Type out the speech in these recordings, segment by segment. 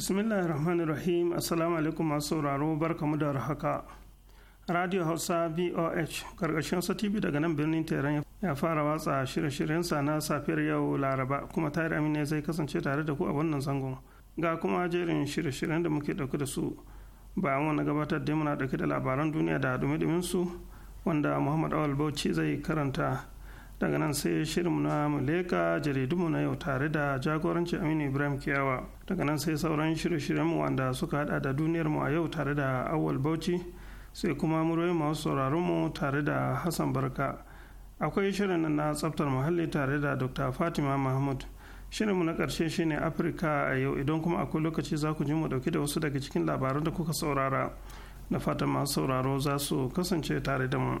bismillahi rahmanir rahim assalamu alaikum masu sauraro barkamu da haka radio hausa voh karkashin sa tv daga nan birnin teran ya fara watsa shirye shiryen sa na safiyar yau laraba kuma tare amina zai kasance tare da ku a wannan zangon ga kuma jerin shirye-shiryen da muke dauke da su bayan wani gabatar da muna dauke da labaran duniya da dumi su wanda muhammad awal bauchi zai karanta daga nan sai shirin na muleka jaridunmu na yau tare da jagorancin aminu ibrahim kiyawa daga nan sai sauran shirye-shiryenmu wanda suka hada da duniyarmu a yau tare da awal bauchi sai kuma muryoyin masu sauraronmu tare da hassan barka akwai shirin na tsaftar muhalli tare da dr fatima mahmud shirinmu na karshe shine afirka a yau idan kuma akwai lokaci za ku ji mu dauki da wasu daga cikin labaran da kuka saurara na fatan masu sauraro za su kasance tare da mu.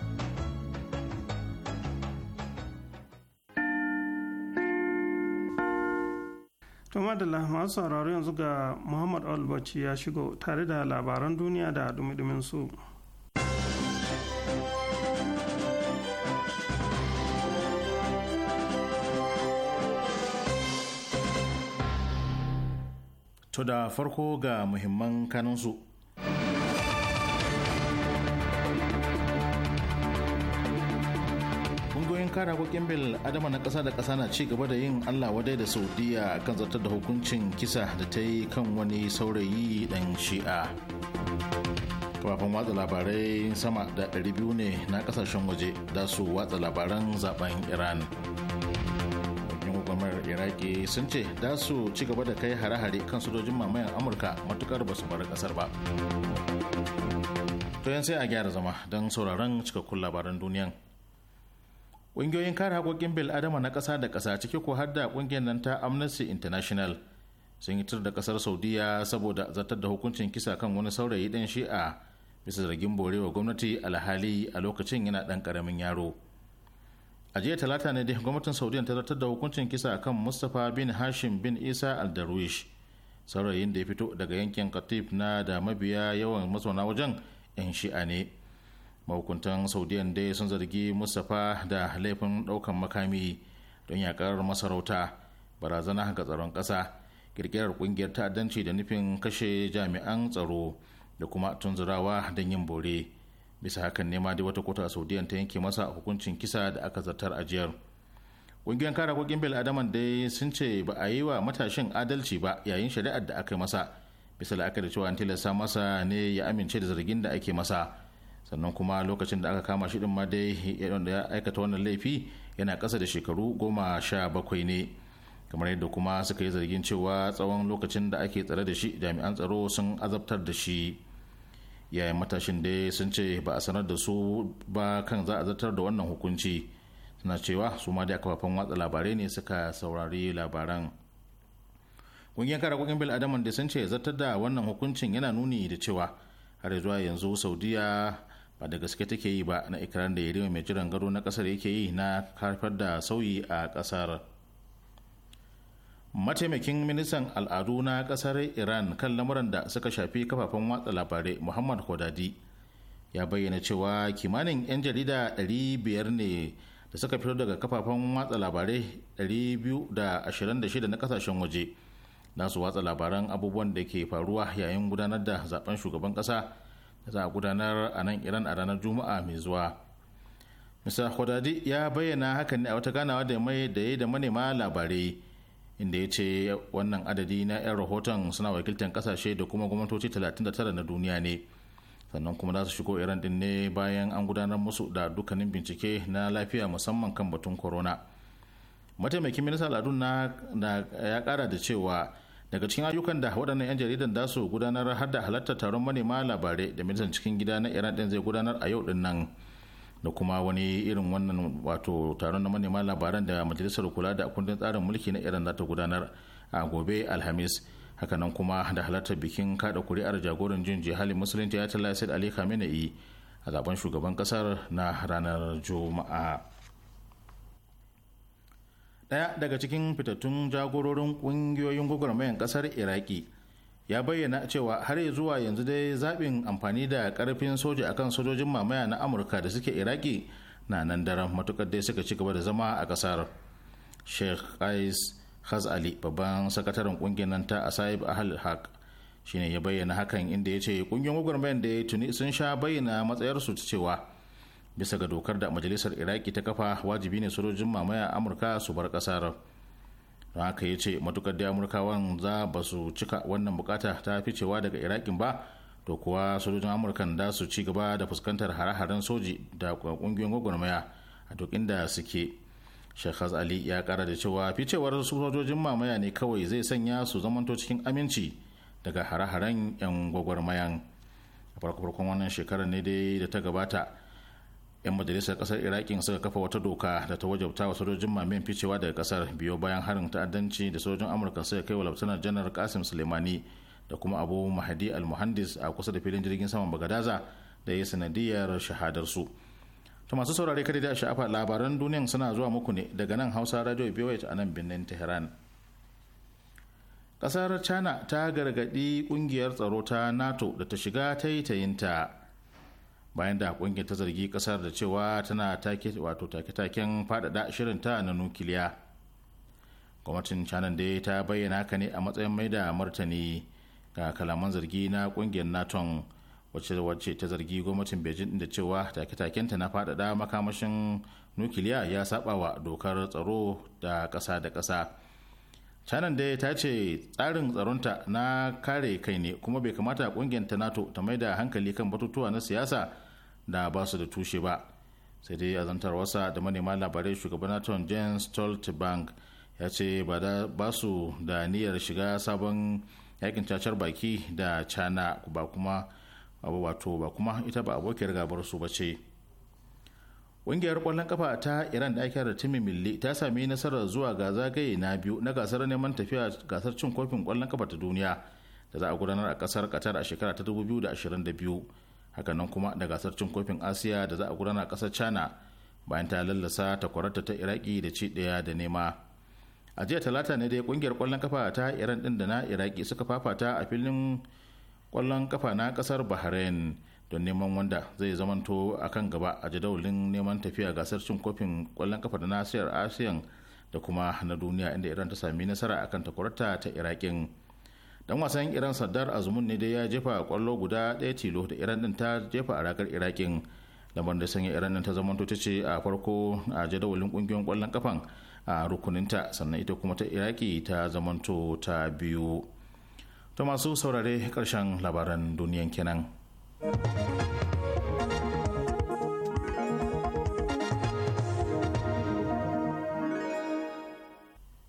Tuma da masu sauraro yanzu ga Muhammad Albaci ya shigo tare da labaran duniya da dumi su. To da farko ga muhimman kanunsu. kare hakokin bil adama na ƙasa da kasa na ci gaba da yin allah wadai da saudiya kan zartar da hukuncin kisa da ta yi kan wani saurayi dan shi'a kafafen watsa labarai sama da 200 ne na kasashen waje da su watsa labaran zaben iran hukumar iraki sun ce da su ci gaba da kai hare-hare kan sojojin mamayan amurka matukar ba su bar kasar ba to yan sai a gyara zama don sauraron cikakkun labaran duniyan ƙungiyoyin kare haƙoƙin bil adama na ƙasa da ƙasa ciki ko har da ƙungiyar nan ta amnesty international sun yi da ƙasar saudiya saboda zartar da hukuncin kisa kan wani saurayi ɗan shi'a bisa zargin borewa gwamnati alhali a lokacin yana ɗan ƙaramin yaro a jiya talata ne dai gwamnatin saudiya ta zartar da hukuncin kisa kan mustapha bin hashim bin isa al darwish saurayin da ya fito daga yankin katif na da mabiya yawan mazauna wajen 'yan shi'a ne mahukuntan saudiyan dai sun zargi mustapha da laifin daukan makami don yakar masarauta barazana ga tsaron ƙasa kirkirar kungiyar ta'addanci da nufin kashe jami'an tsaro da kuma tunzurawa don yin bore bisa hakan nema dai wata kota saudiyan ta yanke masa hukuncin kisa da aka zartar ajiyar kungiyar kare hakokin bil adaman dai sun ce ba a yi wa matashin adalci ba yayin shari'ar da aka yi masa bisa la'akari cewa an tilasta masa ne ya amince da zargin da ake masa sannan kuma lokacin da aka kama shi din ma dai yadda ya aikata wannan laifi yana kasa da shekaru goma sha bakwai ne kamar yadda kuma suka yi zargin cewa tsawon lokacin da ake tsare da shi jami'an tsaro sun azabtar da shi yayin matashin dai sun ce ba a sanar da su ba kan za a zartar da wannan hukunci suna cewa su ma dai kafafen watsa labarai ne suka saurari labaran ƙungiyar kare bil bil'adaman da sun ce zartar da wannan hukuncin yana nuni da cewa har zuwa yanzu saudiya ba da gaske take yi ba na ikirar da yarima mai jiran gado na kasar yake yi na haifar da sauyi a kasar mataimakin ministan al'adu na kasar iran kan lamuran da suka shafi kafafen watsa labarai muhammad hodadi ya bayyana cewa kimanin 'yan jarida 500 ne da suka fito daga kafafen watsa labarai 226 na kasashen waje nasu watsa labaran abubuwan da ke faruwa yayin gudanar da zaben shugaban kasa za a gudanar a nan iran a ranar juma'a mai zuwa mr kwadadi ya bayyana hakan ne a wata ganawa da mai da ya da manema labarai inda ya ce wannan adadi na 'yan rahoton suna wakiltar kasashe da kuma gwamnatoci 39 na duniya ne sannan kuma za su shigo iran din ne bayan an gudanar musu da dukkanin bincike na lafiya musamman kan batun corona mataimakin minista aladun na ya kara da cewa daga cikin ayyukan da waɗannan 'yan jaridan da su gudanar har da halartar taron manema labarai da ministan cikin gida na iran ɗin zai gudanar a yau ɗinnan da kuma wani irin wannan wato taron na manema labaran da majalisar kula da kundin tsarin mulki na iran za ta gudanar a gobe alhamis hakanan kuma da halartar bikin kada kuri'ar jagoran jin jihalin musulunci ya tala ali khamenei a zaben shugaban kasar na ranar juma'a ɗaya daga cikin fitattun jagororin ƙungiyoyin gwagwarmayan ƙasar iraki ya bayyana cewa har zuwa yanzu dai zaɓin amfani da ƙarfin soja akan sojojin mamaya na amurka da suke iraki na nan daren matukar dai suka ci gaba da zama a ƙasar sheikh qais hazali Ali babban sakataren kungiyar nan ta Asaib Ahal Haq shine ya bayyana hakan inda ya ce kungiyar gwagwarmayar da ya tuni sun sha bayyana matsayarsu ta cewa bisa ga dokar da majalisar iraki ta kafa wajibi ne sojojin mamaya amurka su bar kasar don haka ya ce matukar da amurkawan za ba su cika wannan bukata ta fi cewa daga irakin ba to kuwa sojojin amurkan da su ci gaba da fuskantar hare-haren soji da kungiyoyin gwagwarmaya a duk inda suke shekhaz ali ya kara da cewa ficewar sojojin mamaya ne kawai zai sanya su zamanto cikin aminci daga hare-haren 'yan gwagwarmayan farko-farkon wannan shekarar ne dai da ta gabata 'yan majalisar kasar irakin suka kafa wata doka da ta wajabta wa sojojin mamen ficewa daga kasar biyo bayan harin ta'addanci da sojojin amurka suka kai wa lautanar janar kasim sulemani da kuma abu mahadi almuhandis a kusa da filin jirgin saman bagadaza da ya sanadiyar shahadarsu to masu saurare kada da sha'afa labaran duniyan suna zuwa muku ne daga nan hausa radio biyoyi a nan birnin tehran kasar china ta gargadi kungiyar tsaro ta nato da ta shiga taitayinta bayan da kungiyar ta zargi kasar da cewa tana take wato take-taken faɗaɗa ta na nukiliya gwamnatin canan da ta bayyana haka ne a matsayin mai da martani ga kalaman zargi na kungiyar naton wacce wacce ta zargi gwamnatin beijing da cewa take taken ta na faɗaɗa makamashin nukiliya ya saba wa dokar tsaro da kasa da kasa canan dai ta ce tsarin tsaronta na kare kai ne kuma bai kamata kungiyar ta nato ta mai da hankali kan batutuwa na siyasa da ba su da tushe ba sai dai azantar wasa da manema labarai shugaban nato Jens stoltenberg ya ce ba su da niyyar shiga sabon yakin cacar baki da cana ba kuma wato ba kuma ita ba abokiyar gabar su ba ce. Ƙungiyar ƙwallon kafa ta Iran da ake da Timi Milli ta sami nasarar zuwa ga zagaye na biyu na gasar neman tafiya gasar cin kofin ƙwallon kafa ta duniya da za a gudanar a ƙasar Qatar a shekara ta 2022. Hakanan kuma da gasar cin kofin Asiya da za a gudanar a ƙasar China bayan ta lallasa kwararta ta Iraki da ci ɗaya da nema. A jiya talata ne dai ƙungiyar ƙwallon kafa ta Iran ɗin da na Iraki suka fafata a filin ƙwallon kafa na ƙasar Bahrain. don neman wanda zai zamanto a kan gaba a jadawalin neman tafiya gasar cin kofin kwallon kafa da nasiyar asiyan da kuma na duniya inda iran ta sami nasara kan takwarta ta irakin dan wasan iran sardar azumun ne dai ya jefa kwallo guda daya tilo da iran din ta jefa a ragar irakin lamar da sanya iran din ta zamanto ta ce a farko a jadawalin kungiyoyin kwallon kafan a rukuninta sannan ita kuma ta iraki ta zamanto ta biyu ta masu saurare karshen labaran duniyan kenan.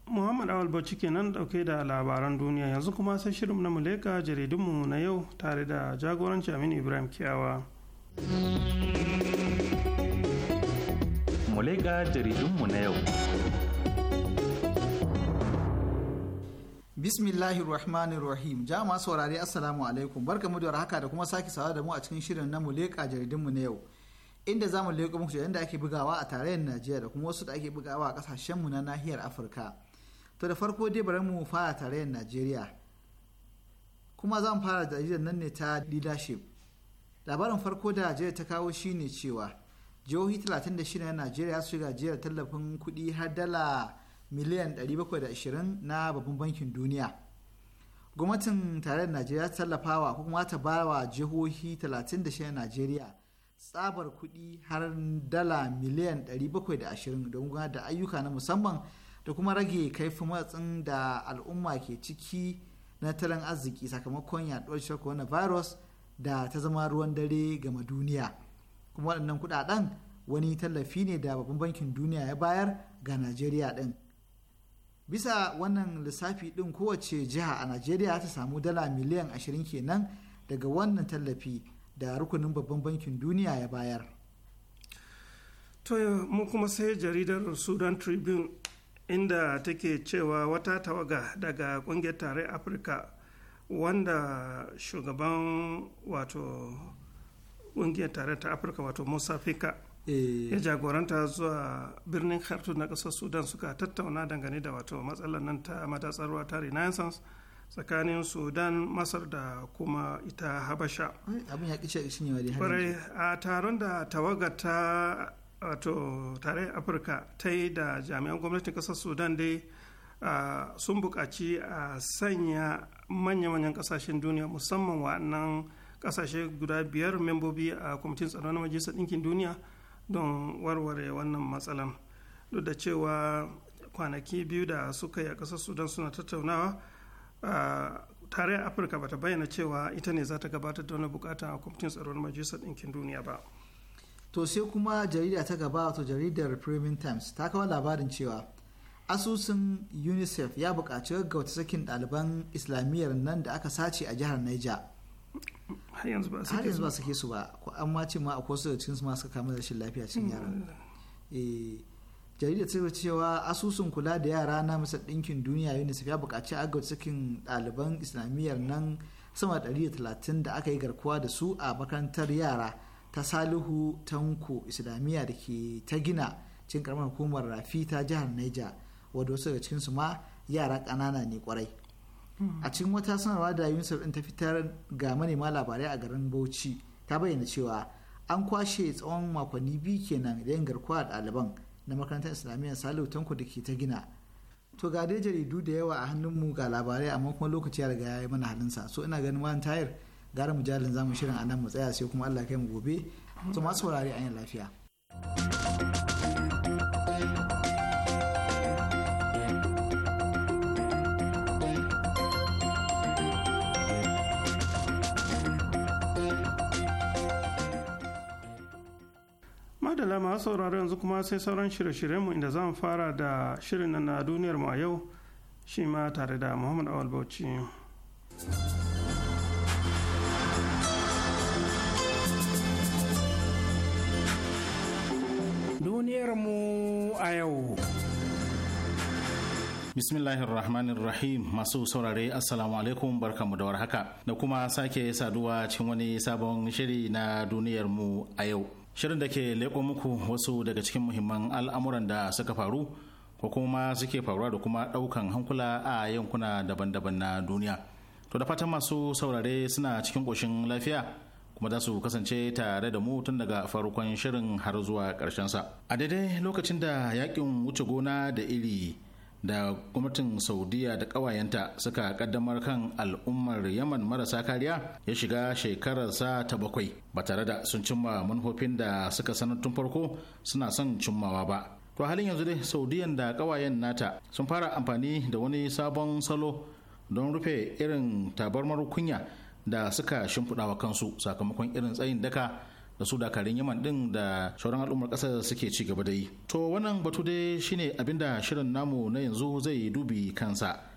Muhammad Awal Bauchi kenan dauke da labaran duniya yanzu kuma sai shirin na muleka jaridunmu na yau tare da jagoranci Aminu Ibrahim Kiyawa. Muleka jaridunmu na yau. Bismillahir Rahmanir Rahim. Jama'a saurare Assalamu alaikum. barka mu da haka da kuma sake sawa da mu a cikin shirin na muleka mu na yau. Inda zamu mu leƙo muku yadda ake bugawa a tarayyar Najeriya da kuma wasu da ake bugawa a kasashen mu na nahiyar Afirka. To da farko dai bari mu fara tarayyar Najeriya. Kuma za mu fara jaridar nan ne ta leadership. Labarin farko da jaridar ta kawo shine cewa jihohi 36 na Najeriya su shiga jiyar tallafin kuɗi har dala miliyan 720 na babban bankin duniya gwamnatin tare da najeriya ta tallafawa ko kuma ta ba wa jihohi 36 najeriya tsabar kuɗi har dala miliyan 720 don gudanar da ayyuka na musamman da kuma rage kaifin matsin da al'umma ke ciki na talan arziki sakamakon yaduwar cutar coronavirus da ta zama ruwan dare gama duniya kuma waɗannan kuɗaɗen wani tallafi ne da babban bankin duniya ya bayar ga najeriya ɗin bisa wannan lissafi ɗin kowace jiha a najeriya ta samu dala miliyan 20 kenan daga wannan tallafi da rukunin babban bankin duniya ya bayar to mu kuma sai jaridar sudan tribune inda take cewa wata tawaga daga kungiyar tare afirka wanda shugaban wato kungiyar tare ta afirka wato musa Eh. ya jagoranta zuwa birnin khartoum na kasar sudan suka tattauna dangane da wato matsalar nan ta matatsar ta renaissance tsakanin sudan masar da kuma ita habasha abin a taron da tawaga ta wato tare afirka ta yi da jami'an gwamnatin ƙasar sudan dai sun buƙaci a sanya manya-manyan kasashen duniya musamman wa'annan kasashe guda biyar membobi a kwamitin tsaro na majalisar ɗinkin duniya don warware wannan matsalan duk da cewa kwanaki biyu da suka yi a ƙasar sudan suna tattaunawa tare afirka ba ta bayyana cewa ita ne za ta gabatar da wani bukata a kwamitin tsaron majalisar ɗinkin duniya ba to sai kuma jarida ta gaba wato jaridar premium times ta kawo labarin cewa asusun unicef ya buƙaci gaggauta sakin ɗaliban islamiyyar nan da aka sace a jihar niger har yanzu ba sake yanzu ba ke su ba ko an ma ce ma a su da ma suka kama shi lafiya cikin hmm. yara eh jaridar ta cewa asusun kula da yara na masa ɗinkin duniya unicef ya buƙaci agwat cikin ɗaliban islamiyyar nan sama da 130 da aka yi garkuwa da su a makarantar yara ta salihu tanko islamiyya da ke ta gina cikin karamar hukumar rafi ta jihar niger wadda wasu daga cikinsu ma yara ƙanana ne kwarai a cikin wata sanarwa da yusuf ɗin ta fitar ga manema labarai a garin bauchi ta bayyana cewa an kwashe tsawon makonni biyu kenan da yin garkuwa a ɗaliban na makarantar islamiyyar salihu tanko da ke ta gina to ga dai jaridu da yawa a hannunmu ga labarai amma kuma lokaci ya riga ya yi mana halinsa so ina ganin wani tayar gara mu jalin zamu shirin a nan mu tsaya sai kuma allah kai mu gobe to masu wurare an yi lafiya. madalla masu sauraro yanzu kuma sai sauran shirye-shiryenmu inda zan fara da shirin na na duniyar a yau shi ma tare da muhammad awal bauchi duniyar a yau Bismillahir Rahmanir Rahim masu saurare Assalamu alaikum barkamu da warhaka da kuma sake saduwa cikin wani sabon shiri na duniyarmu a yau. Shirin da ke leƙo muku wasu daga cikin muhimman al'amuran da suka faru ko kuma suke faruwa da kuma ɗaukan hankula a yankuna daban-daban na duniya. To da fatan masu saurare suna cikin ƙoshin lafiya kuma za su kasance tare da mu tun daga farkon shirin har zuwa ƙarshensa. A daidai lokacin da yaƙin wuce gona da iri da gwamnatin saudiya da ƙawayenta suka kaddamar kan al'ummar yaman marasa kariya ya shiga shekararsa ta bakwai ba tare da sun cimma manufofin da suka sanar tun farko suna son cimmawa ba to halin yanzu dai saudiyan da ƙawayen nata sun fara amfani da wani sabon salo don rufe irin tabarmar kunya da suka shimfiɗa wa kansu sakamakon irin tsayin daka da su dakarun yaman din da sauran al'ummar kasar suke ci gaba da yi to wannan batu dai shine abinda shirin namu na yanzu zai dubi kansa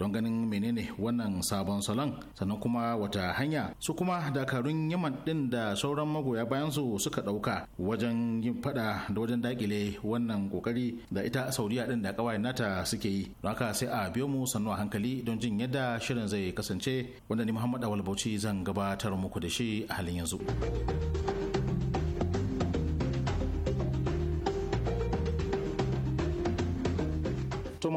don ganin menene wannan sabon salon sannan kuma wata hanya su kuma dakarun yaman din da sauran magoya bayan su suka dauka wajen yin fada da wajen dakile wannan kokari da ita saudiya din da kawai nata suke yi don haka sai a biyo mu sannu a hankali don jin yadda shirin zai kasance wanda ni muhammad awal bauchi zan gabatar muku da shi a halin yanzu.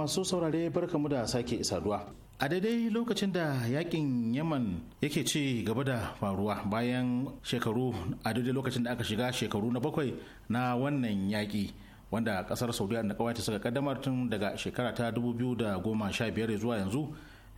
masu saurare barkamu da sake saduwa. A daidai lokacin da yakin Yaman yake ci gaba da faruwa bayan shekaru a daidai lokacin da aka shiga shekaru na bakwai na wannan yaƙi wanda ƙasar Saudiya da kawai ta saka kaddamar tun daga shekara ta 2015 zuwa yanzu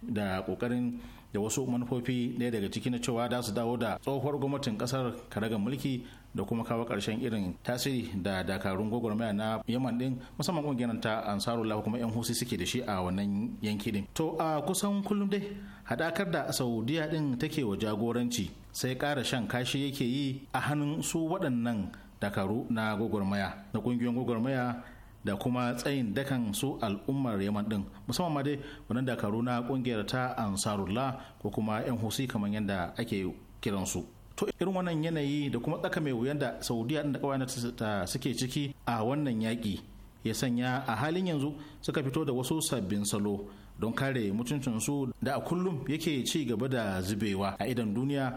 da kokarin da wasu manufofi ɗaya daga ciki na cewa da su dawo da tsohuwar gwamnatin kasar karagar mulki da kuma kawo karshen irin tasiri da dakarun gwagwarmaya na yaman din musamman kungiyar ta ansarullah kuma yan husi suke da shi a wannan yanki din to a kusan kullum dai hadakar da saudiya din take wa jagoranci sai kara shan kashi yake yi a hannun su waɗannan dakaru na gwagwarmaya na kungiyar gwagwarmaya da kuma tsayin dakan su al'ummar yaman din musamman ma dai wannan dakaru na kungiyar ta ansarullah ko kuma yan husi kamar yadda ake kiransu to irin wannan yanayi da kuma tsaka mai wuyan da saudiya da kawayen ta suke ciki a wannan yaƙi ya sanya a halin yanzu suka fito da wasu sabbin salo don kare mutuncinsu da a kullum yake ci gaba da zubewa a idan duniya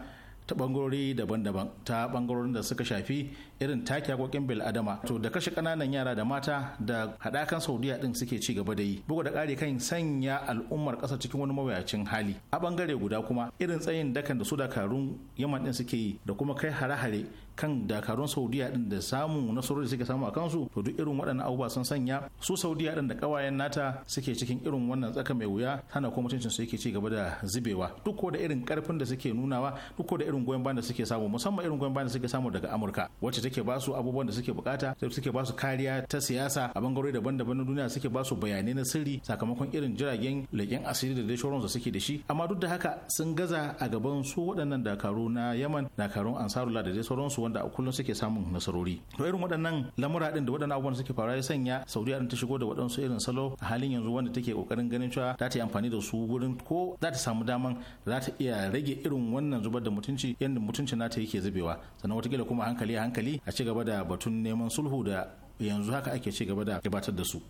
ta bangarori daban-daban ta bangarorin da suka shafi irin taki hakokin bil adama to da kashe kananan yara da mata da hadakan saudiya din suke ci gaba da yi buga da kare kan sanya al'ummar kasa cikin wani mawuyacin hali a bangare guda kuma irin tsayin dakan da su dakarun yaman din suke yi da kuma kai hare-hare kan dakarun saudiya din da samu nasarori da suke samu a kansu to duk irin waɗannan abubuwa sun sanya su saudiya din da ƙawayen nata suke cikin irin wannan tsaka mai wuya hana kuma mutuncin su yake ci gaba da zubewa duk da irin karfin da suke nunawa duk da irin goyon bayan da suke samu musamman irin goyon bayan da suke samu daga amurka wacce take ba su abubuwan da suke bukata suke ba su kariya ta siyasa a bangarori daban-daban na duniya suke ba su bayanai na sirri sakamakon irin jiragen leƙen asiri da dai da suke da shi amma duk da haka sun gaza a gaban su waɗannan dakaru na yaman dakarun ansarula da dai sauransu wanda a kullum suke samun nasarori to irin waɗannan lamura din da waɗannan abubuwan suke faruwa ya sanya saudiya ta shigo da waɗansu irin salo a halin yanzu wanda take kokarin ganin cewa za ta yi amfani da su wurin ko za ta samu daman za ta iya rage irin wannan zubar da mutunci yadda mutunci nata yake zubewa sannan watakila kuma hankali a hankali a ci gaba da batun neman sulhu da yanzu haka ake ci gaba da gabatar da su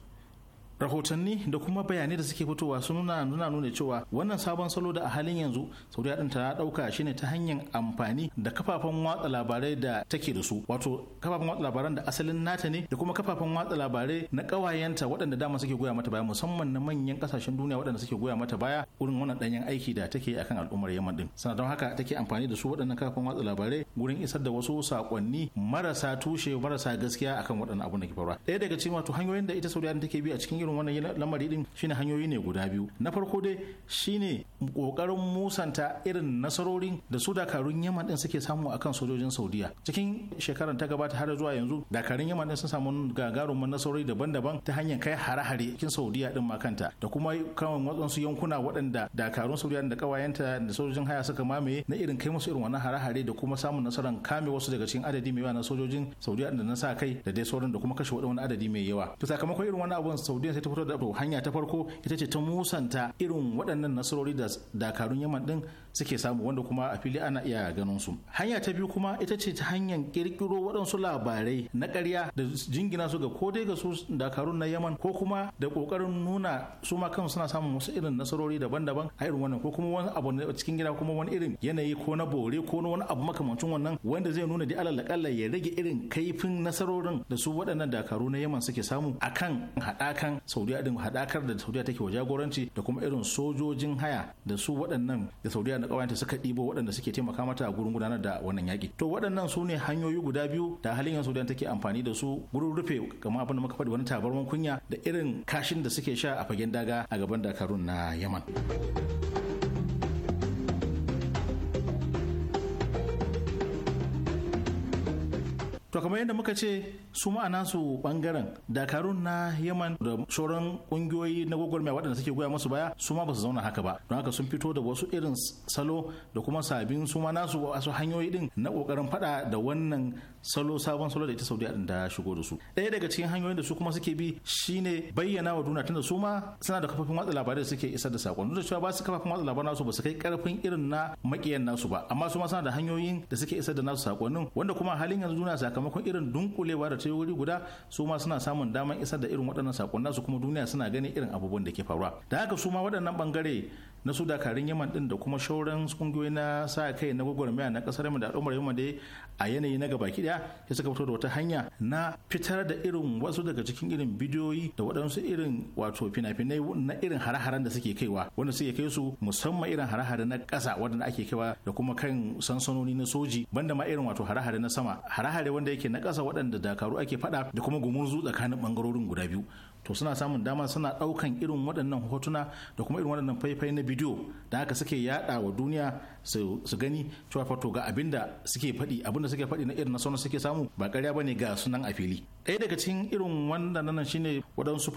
rahotanni da kuma bayanai da suke fitowa sun nuna nuna nuna cewa wannan sabon salo da a halin yanzu saudiya din ta dauka shine ta hanyar amfani da kafafen watsa labarai da take da su wato kafafen watsa labaran da asalin nata ne da kuma kafafen watsa labarai na kawayenta waɗanda dama suke goya mata baya musamman na manyan kasashen duniya waɗanda suke goya mata baya wurin wannan danyen aiki da take akan al'ummar yaman din don haka take amfani da su waɗannan kafafen watsa labarai gurin isar da wasu sakonni marasa tushe marasa gaskiya akan waɗannan abun da ke faruwa ɗaya daga cikin wato hanyoyin da ita saudiya take bi a cikin irin wannan lamari din shine hanyoyi ne guda biyu na farko dai shine kokarin musanta irin nasarorin da su dakarun yaman din suke samu akan sojojin saudiya cikin shekaran ta gabata har zuwa yanzu dakarun yaman din sun samu gagarumin nasarori daban-daban ta hanyar kai hare-hare cikin saudiya din makanta da kuma kan wasu yankuna waɗanda dakarun saudiya da kawayenta da sojojin haya suka mamaye na irin kai musu irin wannan hare-hare da kuma samun nasarar kame wasu daga cikin adadi mai yawa na sojojin saudiya da na sa kai da dai sauran da kuma kashe wani adadi mai yawa to sakamakon irin wannan abun saudiya ta fito da hanya ta farko ita ce ta musanta irin waɗannan nasarori da dakarun yaman din suke samu wanda kuma a fili ana iya ganin su hanya ta biyu kuma ita ce ta hanyar kirkiro waɗansu labarai na ƙarya da jingina su ga dai ga su dakarun na yaman ko kuma da ƙoƙarin nuna su ma kansu suna samun wasu irin nasarori daban-daban a irin wannan ko kuma wani abu na cikin gida kuma wani irin yanayi ko na bore ko na wani abu makamancin wannan wanda zai nuna da alal akalla ya rage irin kaifin nasarorin da su waɗannan dakaru na yaman suke samu akan haɗakan saudiya din haɗakar da saudiya take wa jagoranci da kuma irin sojojin haya da su waɗannan da saudiya da ƙawayenta suka ɗibo waɗanda suke taimaka mata a gurin gudanar da wannan yaƙi to waɗannan su ne hanyoyi guda biyu da halin yanzu da take amfani da su gurin rufe kamar abin da muka faɗi wani tabarman kunya da irin kashin da suke sha a fagen daga a gaban dakarun na yaman to kamar yadda muka ce su ma'ana su bangaren dakarun na yaman da sauran kungiyoyi na gwagwarmaya waɗanda suke goya musu baya su ma ba su zauna haka ba don haka sun fito da wasu irin salo da kuma sabin su ma nasu wasu hanyoyi din na kokarin faɗa da wannan salo sabon salo da ita saudiya din da shigo da su ɗaya daga cikin hanyoyin da su kuma suke bi shine bayyana wa duniya tunda su ma suna da kafafin watsa labarai da suke isar da saƙon duk da cewa ba su kafafin watsa labarai nasu ba su kai karfin irin na makiyan nasu ba amma su ma suna da hanyoyin da suke isar da nasu saƙonnin wanda kuma halin yanzu duniya sakamakon irin dunkulewa da ta wuri guda su ma suna samun daman isar da irin waɗannan sakon nasu kuma duniya suna ganin irin abubuwan da ke faruwa da haka su ma waɗannan bangare na su dakarun yaman din da kuma shauran kungiyoyi na sa kai na gwagwarmaya na kasar mu da al'ummar yamma da a yanayi na gaba daya ya suka fito da wata hanya na fitar da irin wasu daga cikin irin bidiyoyi da waɗansu irin wato fina-finai na irin hare-haren da suke kaiwa wanda suke kai su musamman irin hare-hare na ƙasa wanda ake kaiwa da kuma kan sansanoni na soji banda ma irin wato hare-hare na sama hare-hare wanda yake na ƙasa waɗanda dakaru ake faɗa da kuma gumurzu tsakanin ɓangarorin guda biyu to suna samun dama suna ɗaukan irin waɗannan hotuna da kuma irin waɗannan faifai na bidiyo da haka suke yaɗa wa duniya su gani cewa fato ga abinda suke faɗi abinda suke faɗi na irin na suke samu ba ƙarya bane ga sunan a fili ɗaya daga cikin irin wannan nan shine waɗansu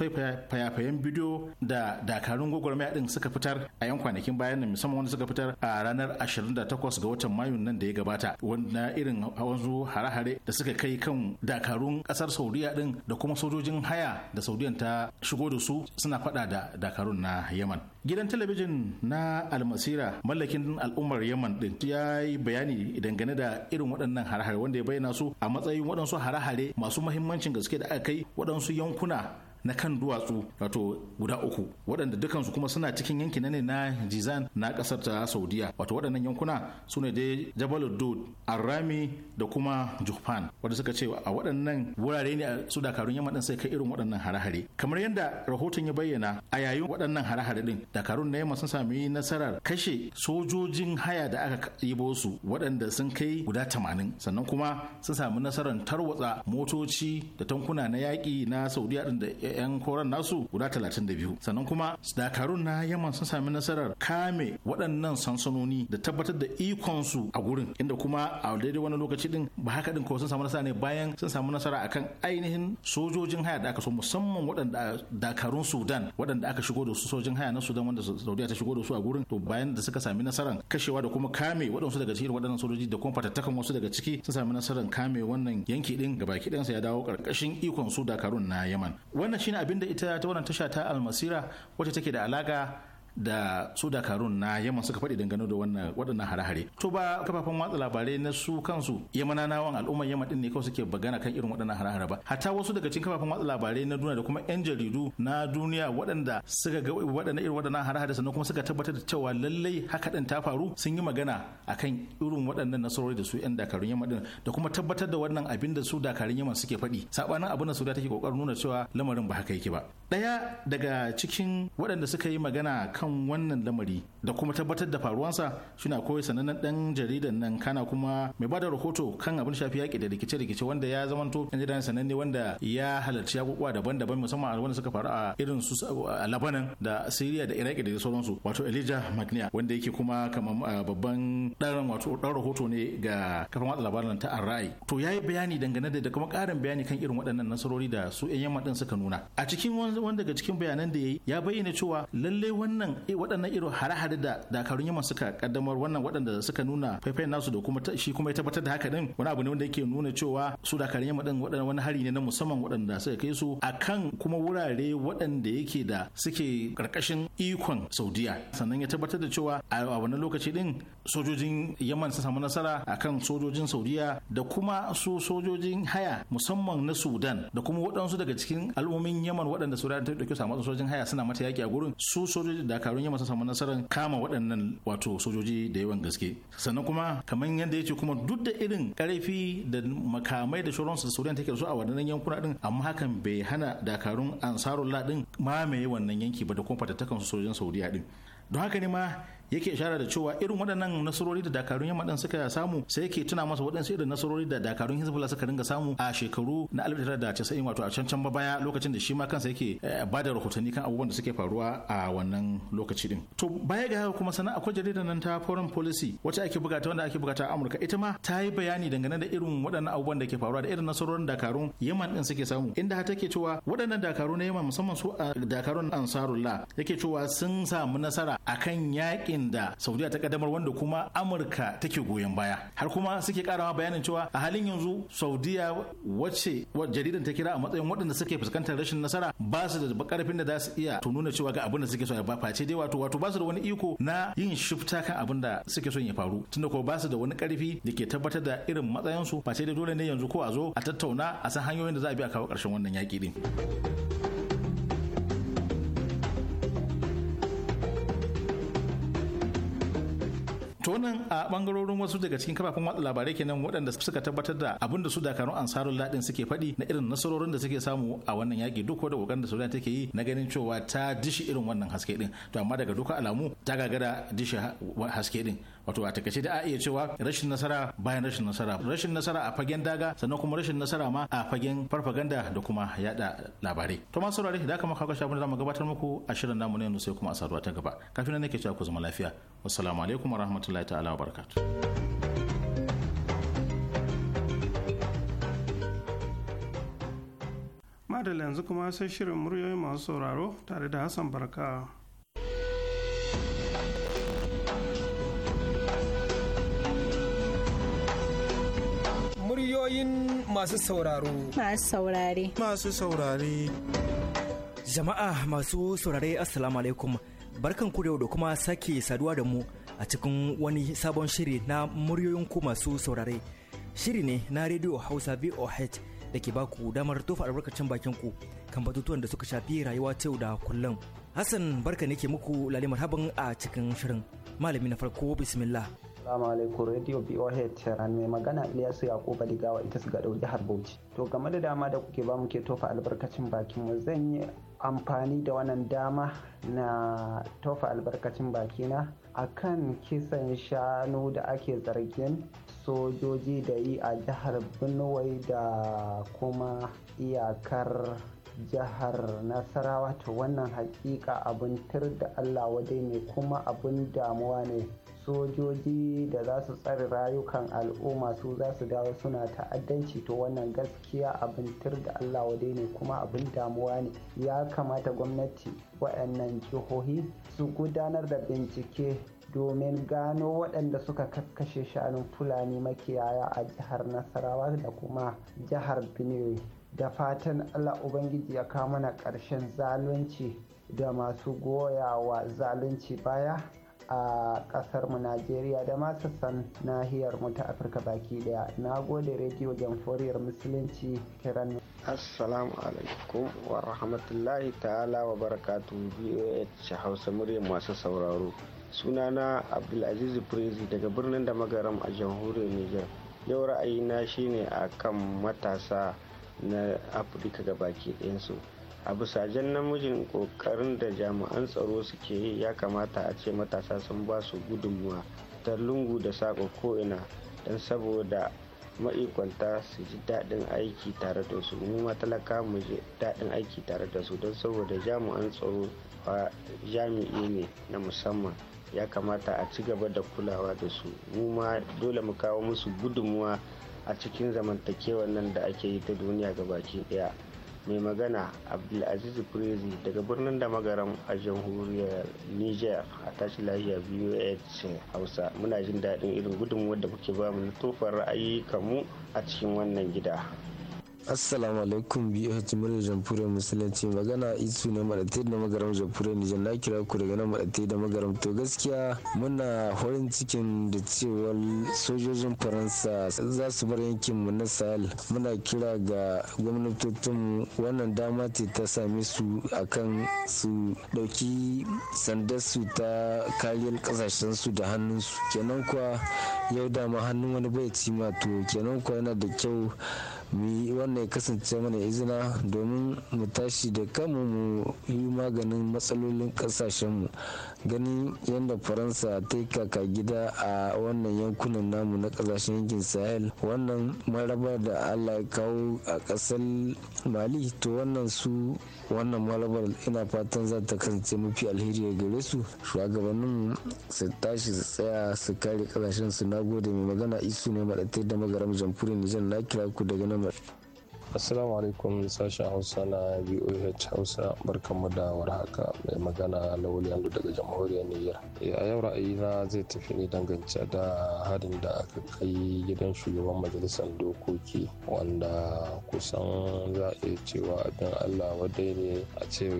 fayafayen bidiyo da dakarun gwagwarmaya ɗin suka fitar a yan kwanakin bayan nan musamman wanda suka fitar a ranar 28 ga watan mayu nan da ya gabata wanda irin wanzu hare-hare da suka kai kan dakarun ƙasar saudiya ɗin da kuma sojojin haya da saudiyan ta shigo da su suna faɗa da dakarun na yaman gidan talabijin na almasira mallakin al'ummar yaman din ya yi bayani dangane da irin waɗannan hare-hare wanda ya bayyana su a matsayin waɗansu hare-hare masu mahimmancin gaske da aka kai waɗansu yankuna na kan duwatsu wato guda uku waɗanda dukansu kuma suna cikin yanki na ne na jizan na ƙasar ta saudiya wato waɗannan yankuna su ne dai jabal dud arami da kuma juhfan wanda suka ce a waɗannan wurare ne su dakarun yamma ɗin sai kai irin waɗannan hare-hare kamar yadda rahoton ya bayyana a yayin waɗannan hare-hare ɗin dakarun na yamma sun sami nasarar kashe sojojin haya da aka ɗibo su waɗanda sun kai guda tamanin sannan kuma sun sami nasarar tarwatsa motoci da tankuna na yaƙi na saudiya ɗin da 'yan koran nasu guda 32 sannan kuma dakarun na yaman sun sami nasarar kame waɗannan sansanoni da tabbatar da ikonsu a gurin inda kuma a daidai wani lokaci din ba haka din ko sun samu nasara ne bayan sun samu nasara akan ainihin sojojin haya da aka so musamman waɗanda dakarun sudan waɗanda aka shigo da su sojin haya na sudan wanda saudiya ta shigo da su a gurin to bayan da suka sami nasarar kashewa da kuma kame waɗansu daga cikin waɗannan sojoji da kuma fatattakan wasu daga ciki sun sami nasarar kame wannan yanki din gabaki ɗansa ya dawo ƙarƙashin ikon su dakarun na yaman wannan wannan shine abin da ita ta wannan tasha ta almasira wacce take da alaka da su dakarun na yamma suka faɗi dangane da wannan waɗannan hare-hare to ba kafafen watsa labarai na su kansu yamananawan al'umman yamma din ne kawai suke bagana kan irin waɗannan hare-hare ba hatta wasu daga cikin kafafen watsa labarai na duniya da kuma yan jaridu na duniya waɗanda suka ga waɗannan irin waɗannan hare-hare sannan kuma suka tabbatar da cewa lallai haka din ta faru sun yi magana akan irin waɗannan nasarori da su yan dakarun yamma din da kuma tabbatar da wannan abin da su dakarun yamma suke faɗi sabanin abin da su da take kokarin nuna cewa lamarin ba haka yake ba daya daga cikin waɗanda suka yi magana kan wannan lamari da kuma tabbatar da faruwansa suna koyi sanannen dan jaridan nan kana kuma mai bada rahoto kan abin shafi yaƙi da rikice-rikice wanda ya zamanto yan jaridan sananne wanda ya halarci yakukuwa daban-daban musamman wanda suka faru a irin su a Lebanon da Syria da Iraq da sauransu wato Elijah Magnia wanda yake kuma kamar babban dan wato dan rahoto ne ga kafin watsa labaran ta Arai to yi bayani dangane da kuma ƙarin bayani kan irin waɗannan nasarori da su yan yamma din suka nuna a cikin wanda daga cikin bayanan da ya yi ya bayyana cewa lalle wannan Eh, waɗannan iro hare-hare da dakarun yamma suka kaddamar wannan waɗanda suka nuna faifayin nasu da kuma shi kuma ya tabbatar da haka din wani abu ne wanda yake nuna cewa su dakarun yamma din waɗannan wani hari ne na musamman waɗanda suka kai su akan kuma wurare waɗanda yake da suke karkashin ikon saudiya sannan ya tabbatar da cewa a wannan lokaci din sojojin yamma sun samu nasara akan sojojin saudiya da kuma su sojojin haya musamman na sudan da kuma waɗansu daga cikin al'ummin yamma waɗanda saudiya ta ɗauki samu sojojin haya suna mata yaki a gurin su sojojin da dakarun yamma samu nasarar kama waɗannan wato sojoji da yawan gaske sannan kuma kamar yadda ya ce kuma duk da irin karfi da makamai da shoron da take da su a waɗannan yankuna din amma hakan bai hana dakarun ansarullah din mamaye wannan yanki ba da kuma fatattakan sojojin saudiya din don haka ne ma yake ishara da cewa irin waɗannan nasarori da dakarun yamma din suka samu sai yake tuna masa waɗansu irin nasarori da dakarun hizbullah suka ringa samu a shekaru na 1990 wato a can can baya lokacin da shi ma kansa yake eh, ba da rahotanni kan abubuwan da suke faruwa a wannan lokaci din to baya ga haka kuma sana akwai jaridar nan ta foreign policy wacce ake bugata wanda ake bugata a Amurka ita ma ta yi bayani dangane da irin waɗannan abubuwan da ke faruwa da irin nasarorin dakarun Yaman din suke samu inda har ke cewa waɗannan dakaru na yamma musamman su a eh, dakarun Ansarullah yake cewa sun samu nasara akan yakin yakin da saudiya ta kaddamar wanda kuma amurka take goyon baya har kuma suke karawa bayanin cewa a halin yanzu saudiya wacce jaridan ta kira a matsayin waɗanda suke fuskantar rashin nasara ba su da karfin da za su iya to nuna cewa ga abin da suke so ya face dai wato wato ba su da wani iko na yin shifta kan abin da suke so ya faru tunda ko ba su da wani karfi da ke tabbatar da irin matsayinsu face dai dole ne yanzu ko a zo a tattauna a san hanyoyin da za a bi a kawo ƙarshen wannan yaƙi din. tonan a bangarorin wasu daga cikin kafafen watsa labarai kenan waɗanda suka tabbatar da abin da su dakarun ansarun ladin suke faɗi na irin nasarorin da suke samu a wannan yaki duk da kokarin da sauran take yi na ganin cewa ta dishi irin wannan haske din to amma daga duka alamu ta gagara dishi haske din wato a takaice da a iya cewa rashin nasara bayan rashin nasara rashin nasara a fagen daga sannan kuma rashin nasara ma a fagen farfaganda da kuma yada labarai to ma saurare da aka kaga shafin da mu gabatar muku a shirin namu ne sai kuma a saduwa ta gaba kafin nan nake cewa ku zama lafiya wassalamu alaikum warahmatullahi ta'ala wabarakatuh madalla yanzu kuma sai shirin muryoyi masu sauraro tare da hassan barka Muryoyin masu sauraro. Masu saurare. Masu saurare. Jama'a masu saurare Assalamu alaikum. Barkan ku da kuma sake saduwa da mu a cikin wani sabon shiri na muryoyin ku masu saurare. Shiri ne na Radio Hausa VOH da ke baku damar tofa albarkacin bakin ku kan batutuwan da suka shafi rayuwa ta yau da kullum. Hassan barka ne ke muku lalimar habin a cikin shirin. Malami na farko bismillah. Assalamu alaikum Radio BOH Tehran mai magana Ilyasu Yakuba Ligawa ita su ga jihar Bauchi. To game da dama da kuke ba mu ke tofa albarkacin bakin mu zan yi amfani da wannan dama na tofa albarkacin baki bakina akan kisan shanu da ake zargin sojoji da yi a jihar binuwai da kuma iyakar jihar Nasarawa to wannan hakika abun tir da Allah wadai ne kuma abun damuwa ne sojoji da za su tsare rayukan al'umma su za su dawo suna ta'addanci to wannan gaskiya abin tir da allah wade ne kuma abin damuwa ne ya kamata gwamnati waɗannan jihohi su gudanar da bincike domin gano waɗanda suka kakkashe shanun fulani makiyaya a jihar nasarawa da kuma jihar benue da fatan allah ubangiji ya kawo mana ƙarshen zalunci da masu goyawa zalunci baya a ƙasar mu Najeriya da ma sassan nahiyar mu ta Afirka baki daya. Na gode Radio Jamhuriyar Musulunci kiran. Assalamu alaikum wa rahmatullahi ta'ala wa barakatuhu BOH Hausa murya masu sauraro. Sunana Abdulaziz Prezi daga birnin da magaram a jamhuriyar Nijar. Yau ra'ayina shine akan matasa na Afirka gabaki ɗayansu. su. a bisa jan namijin kokarin da jami'an tsaro suke yi ya kamata a ce matasa sun ba su gudunmuwa ta lungu da saƙo ko'ina don saboda ma'ikwanta su ji daɗin aiki tare da su mu matalaka mu ji daɗin aiki tare da su don saboda jami'an tsaro ba jami'i ne na musamman ya kamata a ci gaba da kulawa da su mu ma dole mu kawo musu gudunmuwa a cikin zamantakewar nan da ake yi ta duniya ga baki ɗaya mai magana abdulaziz prezi daga birnin da magaram a jamhuriyar niger a tashi lahiya voh hausa muna jin daɗin irin gudunmuwar da kuke bamu na tofar ra'ayi kamu a cikin wannan gida assalamu alaikum bih jimirar jamhuriyar musulunci magana isu na madatai da magaram jamhuriyar ne na kira ku daga nan madatai da magaram to gaskiya muna horin cikin da cewar sojojin faransa za su bar yankin mu na sahel muna kira ga gwamnatocin wannan dama ce ta same su akan su ɗauki sandar su ta kariyar kasashen su da hannun su kenan kuwa yau dama hannun wani bai cima to kenan kuwa yana da kyau mu wannan ya kasance mana izina domin mu tashi da kanmu mu yi maganin matsalolin ƙasashenmu ganin yadda faransa ta yi kaka gida a wannan yankunan namu na kasashen yankin sahel wannan maraba da allah ya kawo a kasar mali to wannan su wannan marabar ina fatan za ta kasance mafi alheri gare su shugabannin su tashi su tsaya su kare kasashen su na gode mai magana isu ne maɗatai da magaram jamhuriyar nijar na kira ku daga nan Assalamu alaikum sashen Hausa na VOH Hausa barkanmu da warhaka mai magana Lawali Ando daga jamhuriyar Niyyar. Eh, a yau ra'ayina zai tafi ne dangance da harin da aka kai gidan shugaban majalisar dokoki wanda kusan za a iya cewa abin Allah wadai ne a ce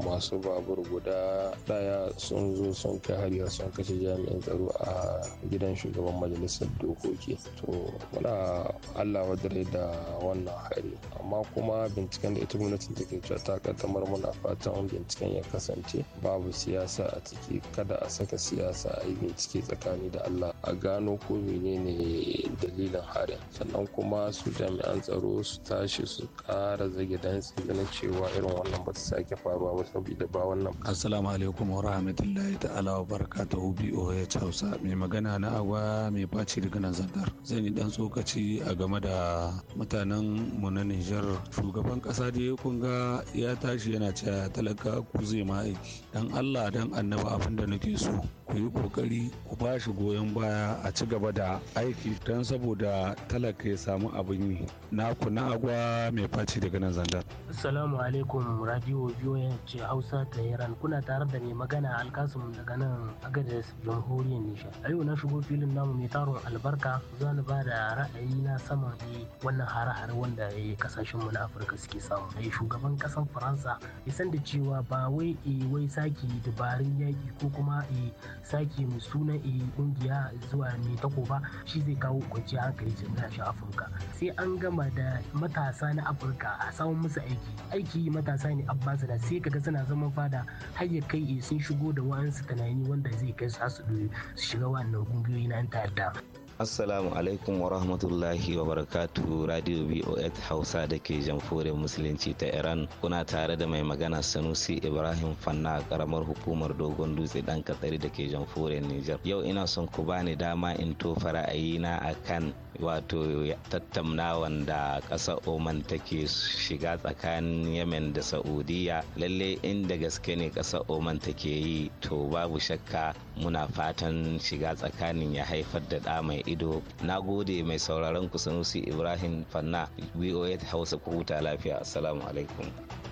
masu babur guda daya sun zo sun kai hari sun kashe jami'in tsaro a gidan shugaban majalisar dokoki. To muna Allah wadai da wannan kare amma kuma binciken da ita gwamnatin take cewa ta kaddamar muna fatan binciken ya kasance babu siyasa a ciki kada a saka siyasa a yi bincike tsakani da allah a gano ko menene dalilin harin sannan kuma su jami'an tsaro su tashi su kara zage dantsi ganin cewa irin wannan ba ta sake faruwa ba saboda ba wannan assalamu alaikum wa rahmatullahi ta'ala wa barakatuhu boh hausa mai magana na agwa mai baci daga nan zantar zan yi dan tsokaci a game da mutanen mu na Nijar shugaban ƙasa da ya kunga ya tashi yana cewa talaka ku zai ma aiki dan Allah dan annaba abin da nake so ku yi kokari ku ba shi goyon baya a ci gaba da aiki dan saboda talaka ya samu abin yi na na agwa mai faci daga nan zandan assalamu alaikum radio biyoyin ce hausa ta iran kuna tare da mai magana alkasum daga nan agadez jamhuriyar nishar a yau na shigo filin namu mai taron albarka zan ba da ra'ayi na sama ne eh, wannan hare-hare wanda kasashen mu na afirka suke samu mai shugaban kasan faransa ya san da cewa ba wai eh, wai saki dabarun yaki ko kuma eh, saki mu suna kungiya eh, zuwa mai tako ba shi zai kawo kwanci hankali cikin kasashen afirka sai an gama da matasa na afirka a samun musu aiki aiki matasa ne abbasu da sai kaga suna zama fada har ya kai sun shigo da wa'ansu tunani wanda zai kai su su shiga wannan kungiyoyi na ta'adda Assalamu alaikum wa rahmatullahi wa barakatu Radio BOS Hausa da ke jamhuriyar Musulunci ta Iran kuna tare da mai magana Sanusi Ibrahim Fanna karamar hukumar Dogon Dutse dan Katsari da ke jamhuriyar Nijar. Yau ina son ku bani dama in tofa ra'ayina a kan wato tattaunawan da ƙasar Oman take shiga tsakanin Yemen da Saudiya. Lalle inda gaske ne ƙasar Oman take yi to babu shakka muna fatan shiga tsakanin ya haifar da ɗa mai ido na gode mai sauraron kusan ibrahim fanna voa hausa ko huta lafiya assalamu alaikum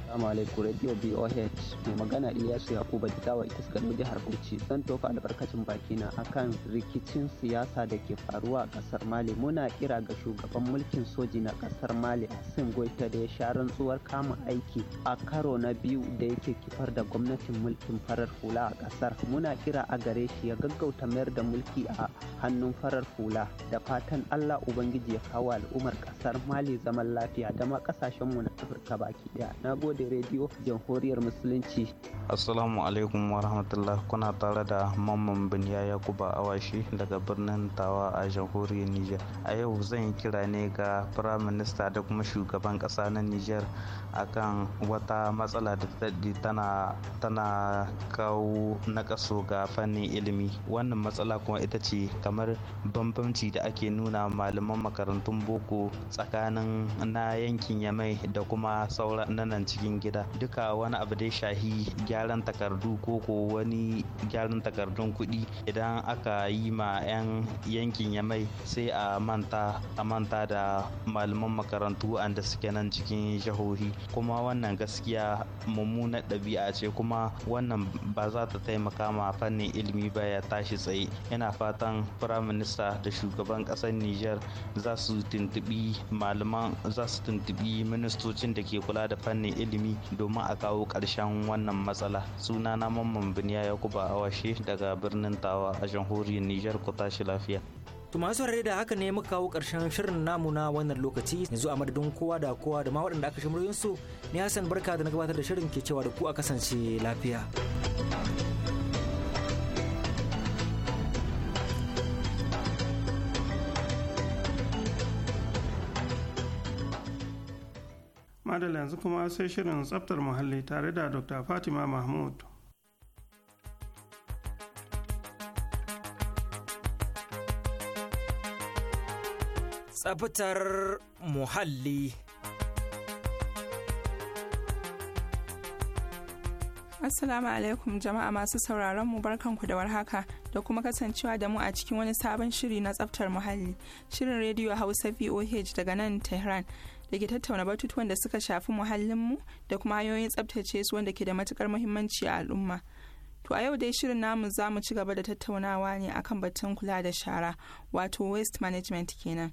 Assalamu alaikum Radio BOH mai magana Iyasu Yakuba Digawa ita suka jihar Bauchi zan tofa albarkacin bakina akan rikicin siyasa da ke faruwa a ƙasar Mali muna kira ga shugaban mulkin soji na ƙasar Mali Hassan Goita da ya sha rantsuwar kama aiki a karo na biyu da yake kifar da gwamnatin mulkin farar hula a ƙasar. muna kira a gare shi ya gaggauta mayar da mulki a hannun farar hula da fatan Allah Ubangiji ya kawo al'ummar ƙasar Mali zaman lafiya da ma kasashenmu na Afirka baki na Nagode da rediyo jamhuriyar musulunci assalamu alaikum wa rahmatullah kuna tare da mamman ya yakuba awashi daga birnin tawa a jamhuriyar niger a yau zan yi kira ne ga firaminista da kuma shugaban ƙasa na niger akan wata matsala da tana tana kawo nakaso ga fannin ilimi wannan matsala kuma ita ce kamar bambanci da ake nuna malaman makarantun boko tsakanin na yankin yamai da kuma sauran nan cikin gida duka wani abu da shahi gyaran takardu ko ko wani gyaran takardun kuɗi idan aka yi ma 'yan yankin yamai sai a manta a manta da malaman makarantu da suke nan cikin jihohi kuma wannan gaskiya mummunar ɗabi'a ce kuma wannan ba za ta taimaka ma fannin ilimi ba ya tashi tsaye yana fatan firaminista da shugaban ƙasar niger za su tuntubi malaman za su tuntubi ministocin da ke kula da fannin ilimi domin a kawo ƙarshen wannan matsala suna na mamman biniya yakuba awashe daga birnin tawa a jamhuriyar niger ku tashi lafiya To masu rare da haka ne muka kawo ƙarshen shirin namu na wannan lokaci yanzu a madadin kowa da kowa da ma waɗanda aka shimriyoyin su ni Hassan barka da na gabatar da shirin ke cewa da ku a kasance lafiya. Madalla yanzu kuma sai shirin tsaftar muhalli tare da Dr. Fatima Mahmud. tsabtar muhalli. Assalamu alaikum jama'a masu sauraron mu barkanku da warhaka da kuma kasancewa da mu a cikin wani sabon shiri na tsabtar muhalli. Shirin rediyo Hausa VOH daga nan Tehran da ke tattauna batutuwan da suka shafi muhallinmu da kuma hanyoyin tsabtace su wanda ke da matukar muhimmanci a al'umma. To a yau dai shirin namu za mu ci gaba da tattaunawa ne akan batun kula da shara wato waste management kenan.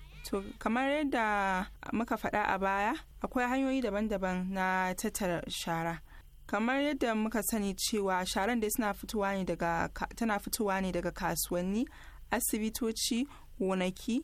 to kamar yadda muka faɗa a baya akwai hanyoyi daban-daban na tattara shara kamar yadda muka sani cewa sharan dai tana fitowa ne daga kasuwanni asibitoci gonaki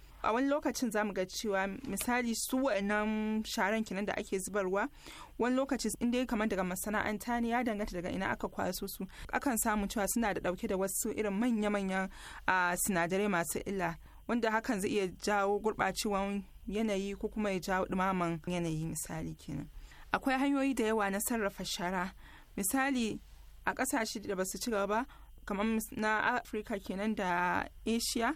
a wani lokacin za mu ga cewa misali su wa'annan sharan kenan da ake zubarwa wani lokaci inda kamar daga masana'anta ne ya danganta daga ina aka kwaso su akan samu cewa suna da dauke da wasu irin manya-manyan sinadarai masu illa wanda hakan zai iya jawo gurɓacewan yanayi ko kuma ya jawo ɗumaman yanayi misali kenan akwai hanyoyi da yawa na sarrafa shara misali a kasashe da ba su ci gaba kamar na afirka kenan da asia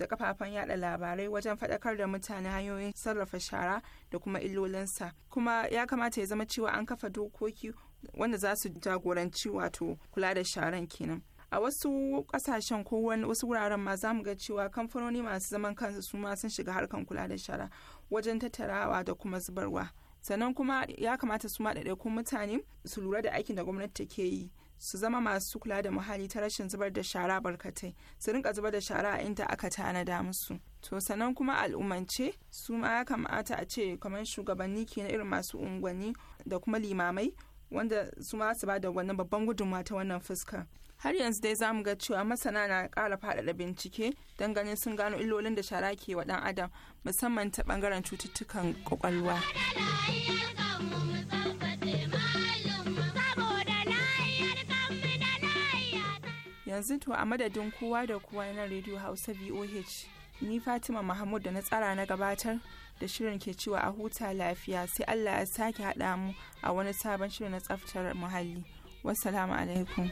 da kafafen yada labarai wajen faɗakar da mutane hanyoyin sarrafa shara da kuma illolinsa kuma ya kamata ya zama cewa an kafa dokoki wanda za su jagoranci wato kula da sharan kenan a wasu kasashen ko wasu wuraren ma zamu ga cewa kamfanoni masu zaman kansu su ma sun shiga harkan kula da shara wajen tattarawa da kuma zubarwa sannan kuma ya kamata su ma ɗaiɗaikun mutane su lura da aikin da gwamnati take yi su zama masu kula da muhalli ta rashin zubar da shara barkatai su rinka zubar da shara a inda aka tanada musu to sannan kuma al'umance su ma ya kamata a ce kamar shugabanni ke na irin masu unguwanni da kuma limamai wanda su ma su ba da wannan babban gudunmawa ta wannan fuska. har yanzu dai zamu ga cewa masana na ƙara faɗaɗa bincike don ganin sun gano illolin da shara ke wa ɗan adam musamman ta ɓangaren cututtukan ƙwaƙwalwa. yanzu to a madadin kowa da kowa na radio hausa voh ni fatima mahmud da na tsara na gabatar da shirin ke cewa a huta lafiya sai allah ya sake haɗa mu a wani sabon shirin na tsaftar muhalli wassalamu alaikum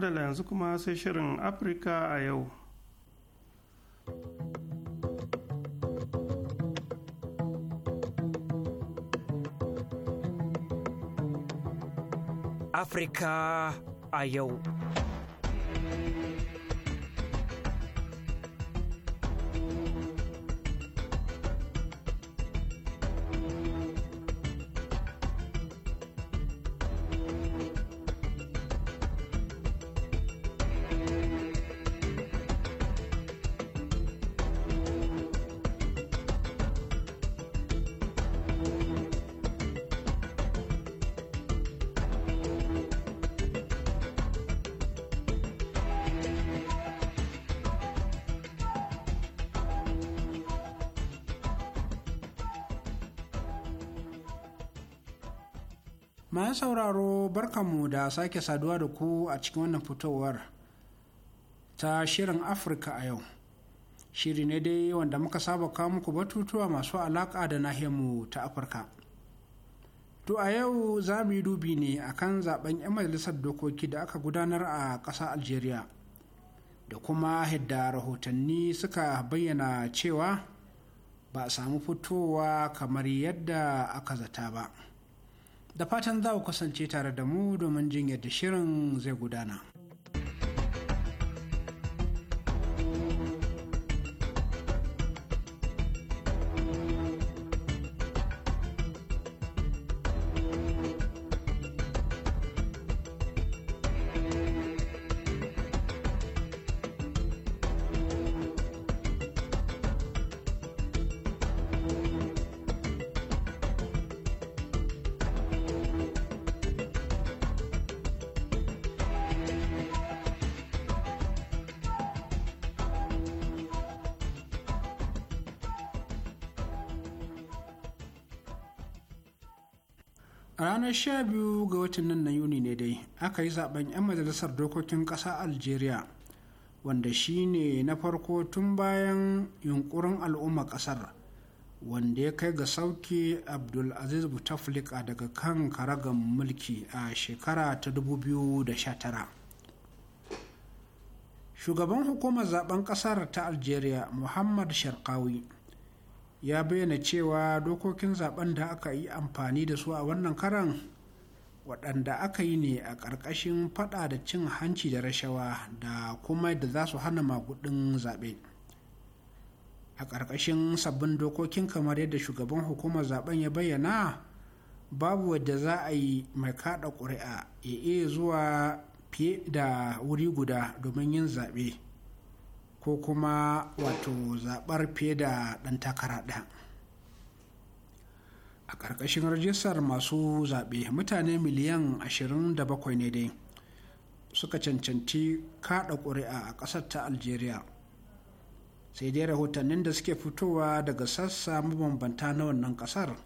adala yanzu kuma sai shirin afirka a yau afirka a yau barkanmu da sake saduwa da ku a cikin wannan fitowar ta shirin afirka a yau shiri ne dai wanda muka saba kawo muku batutuwa masu alaƙa da nahiyarmu ta afirka to a yau za mu yi dubi ne akan zaɓen 'yan majalisar dokoki da aka gudanar a ƙasa algeria da kuma yadda rahotanni suka bayyana cewa ba a samu fitowa kamar yadda aka zata ba. da fatan za ku kasance tare da mu domin jin yadda shirin zai gudana. a ranar 12 ga watan nan na yuni ne dai aka yi zaben 'yan majalisar dokokin ƙasa algeria wanda shi ne na farko tun bayan yunkurin al'umma ƙasar wanda ya kai ga sauke abdulaziz butaflika daga kan karagan mulki a shekara ta 2019 shugaban hukumar zaben ƙasar ta algeria muhammad sharkawi ya bayyana cewa dokokin zaben da aka yi amfani da su a wannan karan waɗanda aka yi ne a ƙarƙashin faɗa da cin hanci da rashawa da kuma da za su hana magudin zaɓe a ƙarƙashin sabbin dokokin kamar yadda shugaban hukumar zaben ya bayyana babu wadda za a yi mai kaɗa ƙuri'a ya iya zuwa fiye da wuri guda domin yin zaɓe ko kuma wato zaɓar fiye da ɗan takara ɗaya a ƙarƙashin rajistar masu zaɓe mutane miliyan 27 ne dai suka cancanci kaɗa ƙuri'a a ƙasar ta algeria sai dai rahotannin da suke fitowa daga sassa mabambanta na wannan ƙasar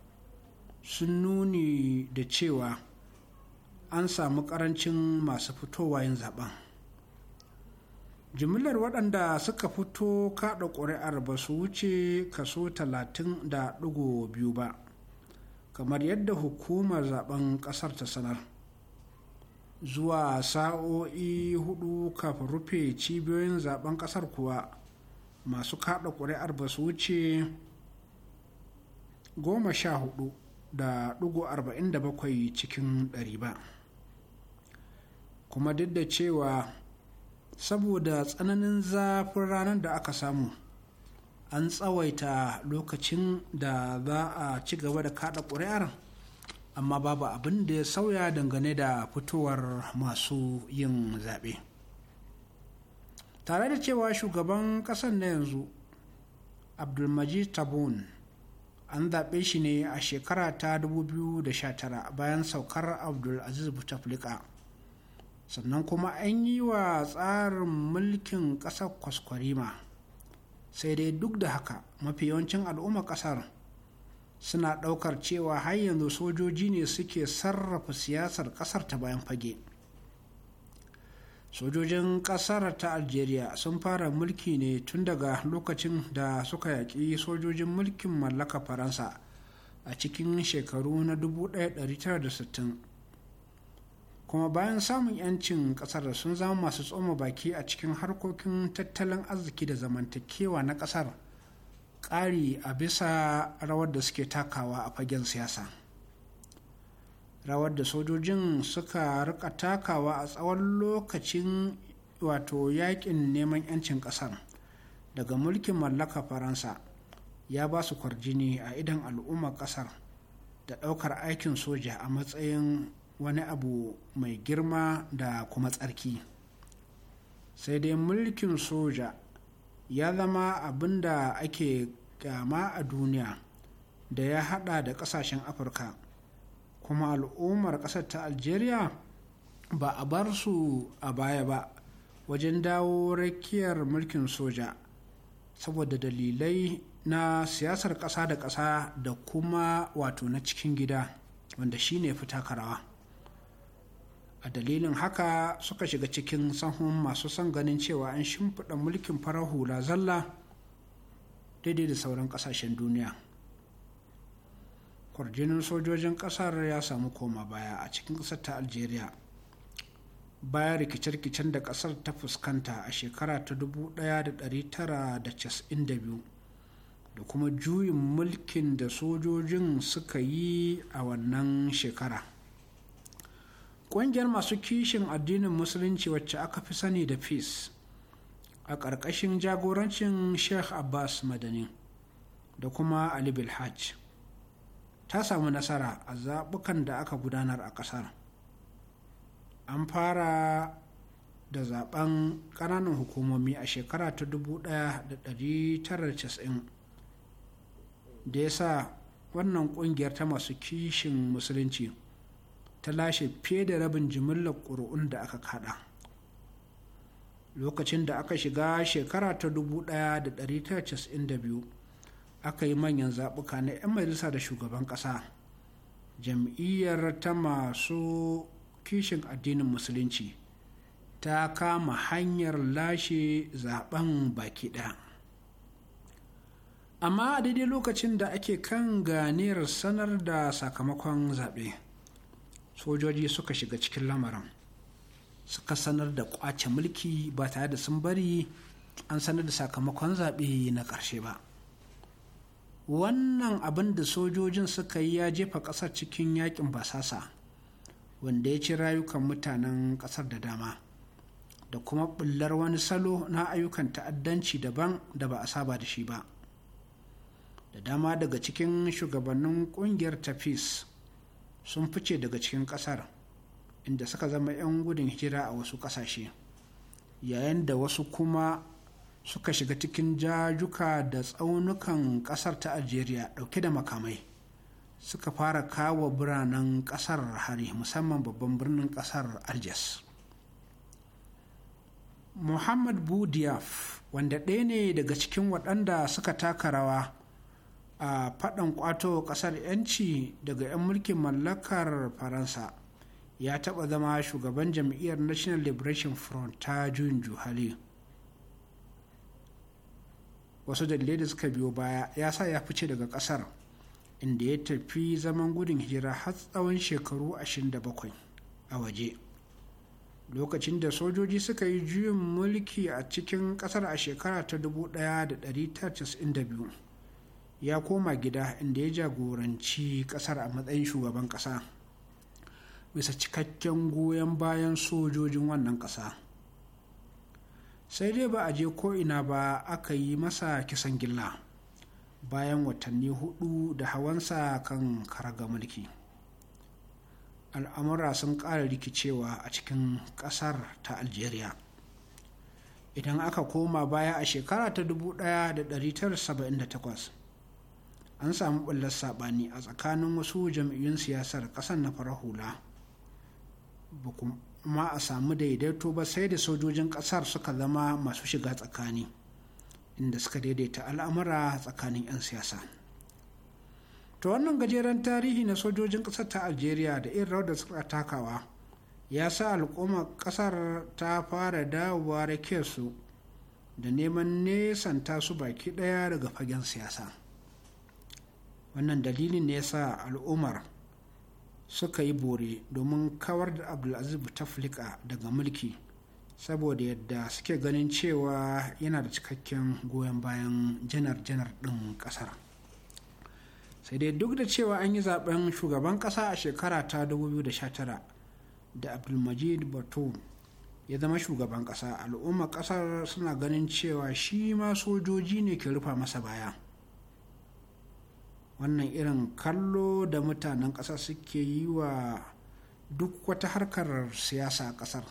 sun nuni da cewa an samu ƙarancin masu fitowa yin zaɓen jimillar waɗanda suka fito kaɗa ƙuri'ar ba su wuce kaso biyu ba kamar yadda hukumar zaben ƙasar ta sanar zuwa sa'o'i hudu kafin rufe cibiyoyin zaben ƙasar kuwa masu kaɗa ƙuri'ar ba su wuce bakwai cikin ɗari ba kuma duk da cewa saboda tsananin zafin ranar da aka samu an tsawaita lokacin da za a ci gaba da kada ƙuri'ar amma babu abin da ya sauya dangane da fitowar masu yin zaɓe tare da cewa shugaban ƙasar na yanzu abdulmaji tabun an zaɓe shi ne a shekara ta 2019 bayan saukar abdulaziz butaflika sannan kuma an yi wa tsarin mulkin ƙasar kwaskwarima sai dai duk da haka mafi yawancin al'ummar ƙasar suna ɗaukar cewa har yanzu sojoji ne suke sarrafa siyasar ƙasar ta bayan fage sojojin ƙasar ta algeria sun fara mulki ne tun daga lokacin da suka yaƙi sojojin mulkin mallaka faransa a cikin shekaru na 1960 kuma bayan samun 'yancin kasar sun zama masu tsoma baki a cikin harkokin tattalin arziki da zamantakewa na kasar ƙari a bisa rawar da suke takawa a fagen siyasa rawar da sojojin suka rika takawa a tsawon lokacin wato yakin neman 'yancin kasar daga mulkin mallaka faransa ya ba su kwarjini a idan al'ummar kasar da ɗaukar aikin soja a matsayin wani abu mai girma da kuma tsarki sai dai mulkin soja ya zama abin da ake kyama a duniya da ya hada da kasashen afirka kuma al'ummar kasar ta algeria ba a bar su a baya ba wajen dawo rakiyar mulkin soja saboda dalilai na siyasar ƙasa da ƙasa da kuma wato na cikin gida wanda shine fita karawa. a dalilin haka suka shiga cikin sahun masu son ganin cewa an shimfiɗa mulkin farar hula zalla daidai da sauran ƙasashen duniya kwarjinin sojojin ƙasar ya samu koma baya a cikin ƙasar ta algeria bayan rikice-rikicen da ƙasar ta fuskanta a shekara ta 1992 da kuma juyin mulkin da sojojin suka yi a wannan shekara ƙungiyar masu kishin addinin musulunci wacce aka fi sani da peace a ƙarƙashin jagorancin sheikh abbas madani da kuma ali bilhaj ta samu nasara a zaɓukan da aka gudanar a ƙasar an fara da zaɓen ƙananan hukumomi a shekara ta 1990 da ya sa wannan ƙungiyar ta masu kishin musulunci ta lashe fiye da rabin jimillar ƙuri'un da aka kada lokacin da aka shiga shekara ta 1992 aka yi manyan zaɓuka na 'yan majalisa da shugaban ƙasa jam'iyyar ta masu kishin addinin musulunci ta kama hanyar lashe zaben baki ɗaya amma a daidai lokacin da ake kan ganiyar sanar da sakamakon zaɓe sojoji suka shiga cikin lamarin suka sanar da kwace mulki ba tare da sun bari an sanar da sakamakon zaɓe na ƙarshe ba wannan abin da sojojin suka yi ya jefa ƙasar cikin yakin basasa wanda ya ci rayukan mutanen ƙasar da dama da kuma ɓullar wani salo na ayyukan ta'addanci daban da ba a saba da shi ba da dama daga cikin shugabannin ƙungiyar tafis sun fice daga cikin ƙasar inda suka zama 'yan gudun hijira a wasu ƙasashe yayin da wasu kuma suka shiga cikin jajuka da tsaunukan ƙasar ta algeria ɗauke da makamai suka fara kawo biranen ƙasar hari musamman babban birnin ƙasar algiers muhammad budiaf wanda ɗaya ne daga cikin waɗanda suka taka rawa a faɗan ƙwato ƙasar 'yanci daga 'yan mulkin mallakar faransa ya taɓa zama shugaban jam'iyyar national liberation front ta juyin juhali wasu dalilai da suka biyo baya ya sa ya fice daga ƙasar inda ya tafi zaman gudun hijira har tsawon shekaru 27 a waje lokacin da sojoji suka yi juyin mulki a cikin ƙasar a shekara ta 1992 ya koma gida inda ya jagoranci kasar a matsayin shugaban kasa bisa cikakken goyon bayan sojojin wannan kasa sai dai ba a je ko'ina ba aka yi masa kisan gilla bayan watanni hudu da hawansa kan karaga mulki al'amura sun ƙara rikicewa a cikin ƙasar ta algeria idan aka koma baya a shekara ta 1978 an samu ɓullar saɓani a tsakanin wasu jam'iyyun siyasar ƙasar na fara hula ba kuma a samu daidaito ba sai da sojojin ƙasar suka zama masu shiga tsakani inda suka daidaita al'amura tsakanin 'yan siyasa ta wannan gajeren tarihi na sojojin ƙasar ta algeria da irin da suka takawa ya sa al'umma ƙasar ta fara dawowa rake su da neman nesanta su baki ɗaya daga fagen siyasa. wannan dalilin ne ya sa al'ummar suka yi bore domin kawar da abdulaziz bouteflika daga mulki saboda yadda suke ganin cewa yana da cikakken goyon bayan janar-janar ɗin ƙasar sai dai duk da cewa an yi zaben shugaban ƙasa a shekara ta 2019 da abdulmajid bato ya zama shugaban ƙasa al'ummar ƙasar suna ganin cewa shi ma sojoji ne ke rufa masa baya wannan irin kallo da mutanen ƙasa suke yi wa duk wata harkar siyasa a ƙasar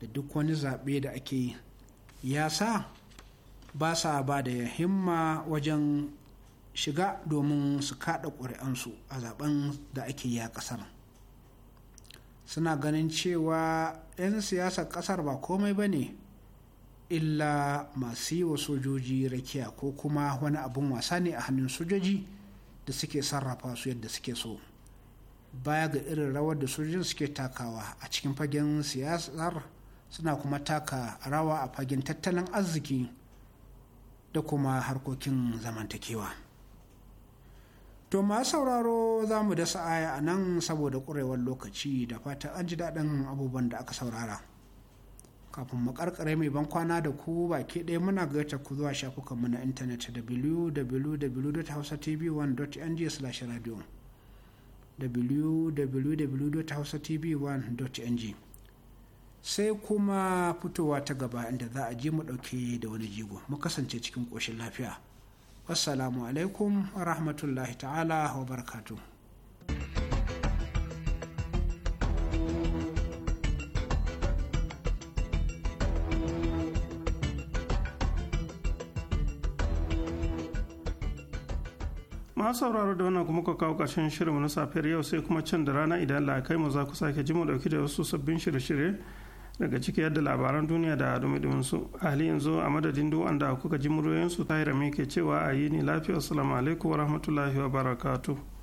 da duk wani zaɓe da ake yi ya sa ba sa ba da himma wajen shiga domin su kaɗa ƙuri'ansu a zaben da ake yi a ƙasar suna ganin cewa 'yan siyasar ƙasar ba komai ba ne illa masu yi wa sojoji rakiya ko kuma wani abun wasa ne a hannun sojoji da suke sarrafa su yadda suke so baya ga irin rawar da sojojin suke takawa a cikin fagen siyasar suna kuma taka rawa a fagen tattalin arziki da kuma harkokin zamantakewa to ma sauraro za mu dasa aya a nan saboda ƙurewar lokaci da fata an ji daɗin abubuwan da aka saurara. kafin mu karkare mai ban kwana da ku baki ɗaya muna gayyata ku zuwa shafukan mu na intanet www.hausatv1.ng/radio www.hausatv1.ng sai kuma fitowa ta gaba inda za a je mu ɗauke da wani jigo mu kasance cikin ƙoshin lafiya wassalamu alaikum wa rahmatullahi ta'ala wa barakatuh masu sauraro da wannan kuma ka kawo ƙarshen shirinmu na safiyar yau sai kuma can da rana idan Allah kai mu za ku sake ji mu dauki da wasu sabbin shirye-shirye daga ciki yadda labaran duniya da dumi su a hali yanzu a madadin duk wanda kuka ji muryoyin su tahira ke cewa a yi ni lafiya assalamu alaikum wa rahmatullahi wa barakatu.